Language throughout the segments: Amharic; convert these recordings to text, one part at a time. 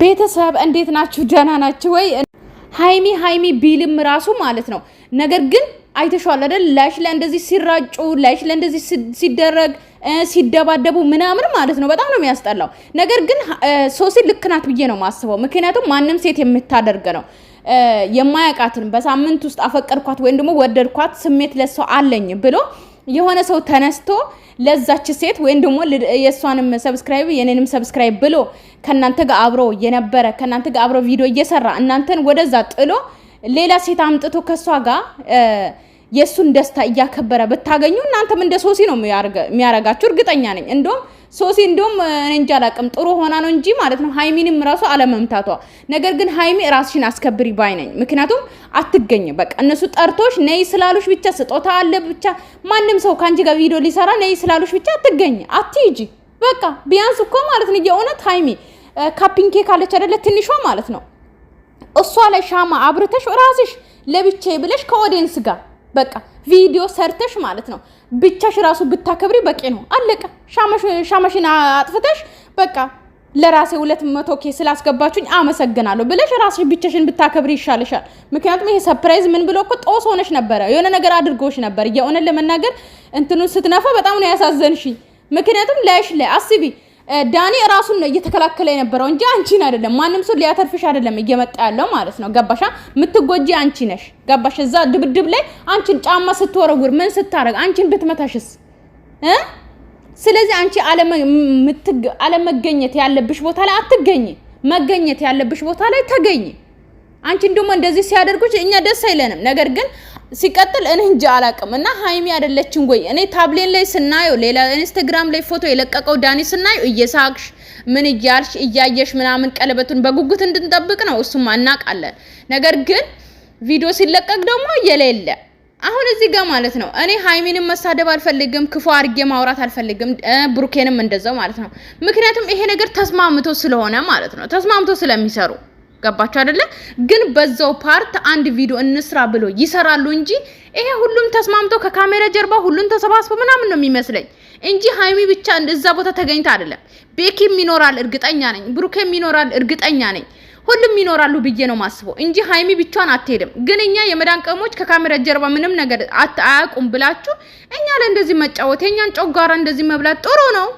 ቤተሰብ እንዴት ናችሁ? ደህና ናችሁ ወይ? ሀይሚ ሀይሚ ቢልም ራሱ ማለት ነው። ነገር ግን አይተሸዋል አይደል? ላሽ ለእንደዚህ ሲራጩ፣ ላሽ ለእንደዚህ ሲደረግ፣ ሲደባደቡ ምናምን ማለት ነው። በጣም ነው የሚያስጠላው። ነገር ግን ሶሲ ልክ ናት ብዬ ነው የማስበው። ምክንያቱም ማንም ሴት የምታደርገ ነው የማያውቃትን በሳምንት ውስጥ አፈቀድኳት ወይም ደግሞ ወደድኳት ስሜት ለሰው አለኝ ብሎ የሆነ ሰው ተነስቶ ለዛች ሴት ወይም ደግሞ የእሷንም ሰብስክራይብ የኔንም ሰብስክራይብ ብሎ ከእናንተ ጋር አብሮ የነበረ ከእናንተ ጋር አብሮ ቪዲዮ እየሰራ እናንተን ወደዛ ጥሎ ሌላ ሴት አምጥቶ ከእሷ ጋር የእሱን ደስታ እያከበረ ብታገኙ እናንተም እንደ ሶሲ ነው የሚያረጋችሁ፣ እርግጠኛ ነኝ እንደውም ሶሲ እንዲሁም እንጃ አላቅም ጥሩ ሆና ነው እንጂ ማለት ነው ሀይሚንም ራሱ አለመምታቷ። ነገር ግን ሀይሚ ራስሽን አስከብሪ ባይ ነኝ። ምክንያቱም አትገኝም። በቃ እነሱ ጠርቶሽ ነይ ስላሉሽ ብቻ ስጦታ አለ ብቻ ማንም ሰው ከአንቺ ጋር ቪዲዮ ሊሰራ ነይ ስላሉሽ ብቻ አትገኝ፣ አትሂጂ። በቃ ቢያንስ እኮ ማለት ነው የእውነት ሀይሚ ካፒንኬ ካለች አይደለ ትንሿ ማለት ነው እሷ ላይ ሻማ አብርተሽ ራስሽ ለብቻዬ ብለሽ ከኦዲየንስ ጋር በቃ ቪዲዮ ሰርተሽ ማለት ነው ብቻሽ ራሱ ብታከብሪ በቂ ነው። አለቀ። ሻመሽን አጥፍተሽ በቃ ለራሴ ሁለት መቶ ኬ ስላስገባችሁኝ አመሰግናለሁ ብለሽ ራስሽ ብቻሽን ብታከብሪ ይሻልሻል። ምክንያቱም ይሄ ሰፕራይዝ ምን ብሎ እኮ ጦስ ሆነሽ ነበረ፣ የሆነ ነገር አድርጎሽ ነበር። የእውነት ለመናገር እንትኑን ስትነፋ በጣም ነው ያሳዘንሽ። ምክንያቱም ላይሽ ላይ አስቢ ዳኒ ራሱን ነው እየተከላከለ የነበረው እንጂ አንቺን አይደለም። ማንም ሰው ሊያተርፍሽ አይደለም እየመጣ ያለው ማለት ነው። ገባሻ? የምትጎጂ አንቺ ነሽ። ገባሽ? እዛ ድብድብ ላይ አንቺን ጫማ ስትወረውር ምን ስታረግ አንቺን ብትመታሽስ እ ስለዚህ አንቺ አለመገኘት ያለብሽ ቦታ ላይ አትገኝ፣ መገኘት ያለብሽ ቦታ ላይ ተገኝ። አንቺን ደግሞ እንደዚህ ሲያደርጉች እኛ ደስ አይለንም። ነገር ግን ሲቀጥል እኔ እንጂ አላቅም እና ሀይሚ አይደለችም ወይ? እኔ ታብሌን ላይ ስናየው ሌላ ኢንስታግራም ላይ ፎቶ የለቀቀው ዳኒ ስናየው እየሳቅሽ ምን እያልሽ እያየሽ ምናምን ቀለበቱን በጉጉት እንድንጠብቅ ነው፣ እሱም አናቃለን። ነገር ግን ቪዲዮ ሲለቀቅ ደግሞ የሌለ አሁን እዚህ ጋር ማለት ነው እኔ ሀይሚንም መሳደብ አልፈልግም፣ ክፉ አድርጌ ማውራት አልፈልግም፣ ብሩኬንም እንደዛው ማለት ነው። ምክንያቱም ይሄ ነገር ተስማምቶ ስለሆነ ማለት ነው ተስማምቶ ስለሚሰሩ ገባቸው አይደለ? ግን በዛው ፓርት አንድ ቪዲዮ እንስራ ብሎ ይሰራሉ እንጂ ይሄ ሁሉም ተስማምቶ ከካሜራ ጀርባ ሁሉም ተሰባስቦ ምናምን ነው የሚመስለኝ እንጂ ሀይሚ ብቻ እንደዛ ቦታ ተገኝታ አይደለም። ቤኪም ይኖራል እርግጠኛ ነኝ፣ ብሩኬም ይኖራል እርግጠኛ ነኝ። ሁሉም ይኖራሉ ብዬ ነው ማስበው እንጂ ሀይሚ ብቻዋን አትሄድም። ግን እኛ የመዳን ቀሞች ከካሜራ ጀርባ ምንም ነገር አያውቁም ብላችሁ እኛ ላይ እንደዚህ መጫወት የእኛን ጮጋራ እንደዚህ መብላት ጥሩ ነው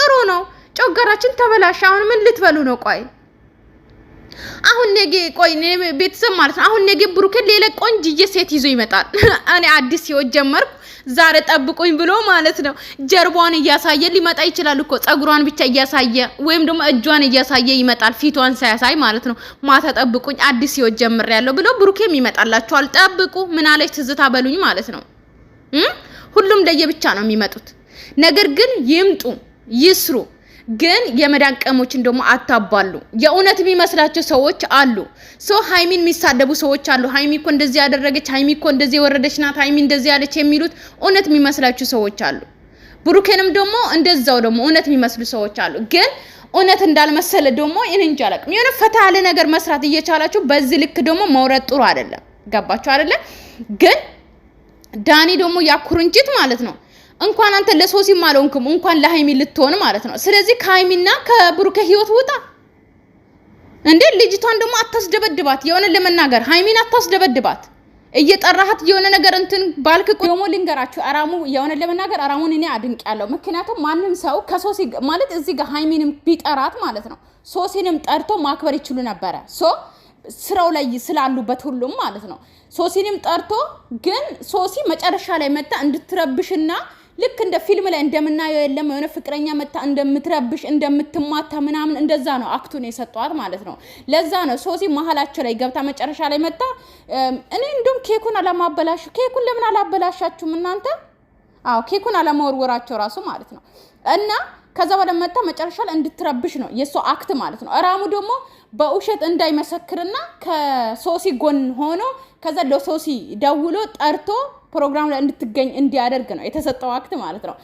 ጥሩ ነው። ጮጋራችን ተበላሽ። አሁን ምን ልትበሉ ነው? ቆይ አሁን ነገ ቆይ ቤተሰብ ማለት ነው። አሁን ነገ ብሩኬ ሌላ ቆንጅዬ ሴት ይዞ ይመጣል። እኔ አዲስ ህይወት ጀመርኩ ዛሬ ጠብቁኝ ብሎ ማለት ነው። ጀርባዋን እያሳየ ሊመጣ ይችላል እኮ ጸጉሯን ብቻ እያሳየ ወይም ደግሞ እጇን እያሳየ ይመጣል፣ ፊቷን ሳያሳይ ማለት ነው። ማታ ጠብቁኝ አዲስ ህይወት ያለው ብሎ ብሩኬም ይመጣላችኋል። ጠብቁ ምን አለች ትዝታ በሉኝ ማለት ነው። ሁሉም ለየብቻ ነው የሚመጡት። ነገር ግን ይምጡ ይስሩ ግን የመዳን ቀሞችን ደግሞ አታባሉ። የእውነት የሚመስላቸው ሰዎች አሉ። ሰው ሀይሚን የሚሳደቡ ሰዎች አሉ። ሀይሚ እኮ እንደዚህ ያደረገች፣ ሀይሚ እኮ እንደዚህ የወረደች ናት፣ ሀይሚ እንደዚህ ያለች የሚሉት እውነት የሚመስላቸው ሰዎች አሉ። ብሩኬንም ደግሞ እንደዛው ደግሞ እውነት የሚመስሉ ሰዎች አሉ ግን እውነት እንዳልመሰለ ደግሞ እኔ እንጃ አላውቅም። የሆነ ፈታ ያለ ነገር መስራት እየቻላችሁ በዚህ ልክ ደግሞ መውረድ ጥሩ አይደለም። ገባችሁ አይደለ? ግን ዳኒ ደግሞ ያኩርንችት ማለት ነው እንኳን አንተ ለሶሲም አልሆንክም እንኳን ለሃይሚ ልትሆን ማለት ነው። ስለዚህ ከሃይሚና ከብሩኬ ህይወት ውጣ እንዴ! ልጅቷን ደግሞ አታስደበድባት። የሆነ ለመናገር ሃይሚን አታስደበድባት። እየጠራሃት የሆነ ነገር እንትን ባልክ ደግሞ ልንገራችሁ፣ አራሙ የሆነ ለመናገር አራሙን እኔ አድንቅ ምክንያቱም ማንም ሰው ከሶሲ ማለት እዚህ ጋር ሃይሚንም ቢጠራት ማለት ነው ሶሲንም ጠርቶ ማክበር ይችሉ ነበረ ሶ ስራው ላይ ስላሉበት ሁሉም ማለት ነው ሶሲንም ጠርቶ ግን ሶሲ መጨረሻ ላይ መጣ እንድትረብሽና ልክ እንደ ፊልም ላይ እንደምናየው የለም የሆነ ፍቅረኛ መታ እንደምትረብሽ እንደምትማታ ምናምን እንደዛ ነው አክቱን የሰጠዋት ማለት ነው። ለዛ ነው ሶሲ መሀላቸው ላይ ገብታ መጨረሻ ላይ መጣ። እኔ እንዲሁም ኬኩን አላማበላሹ ኬኩን ለምን አላበላሻችሁም እናንተ? አዎ ኬኩን አለመወርወራቸው ራሱ ማለት ነው እና ከዛ በኋላ መጣ መጨረሻ ላይ እንድትረብሽ ነው የእሷ አክት ማለት ነው። እራሙ ደግሞ በውሸት እንዳይመሰክርና ከሶሲ ጎን ሆኖ ከዛ ለሶሲ ደውሎ ጠርቶ ፕሮግራም ላይ እንድትገኝ እንዲያደርግ ነው የተሰጠው አክት ማለት ነው።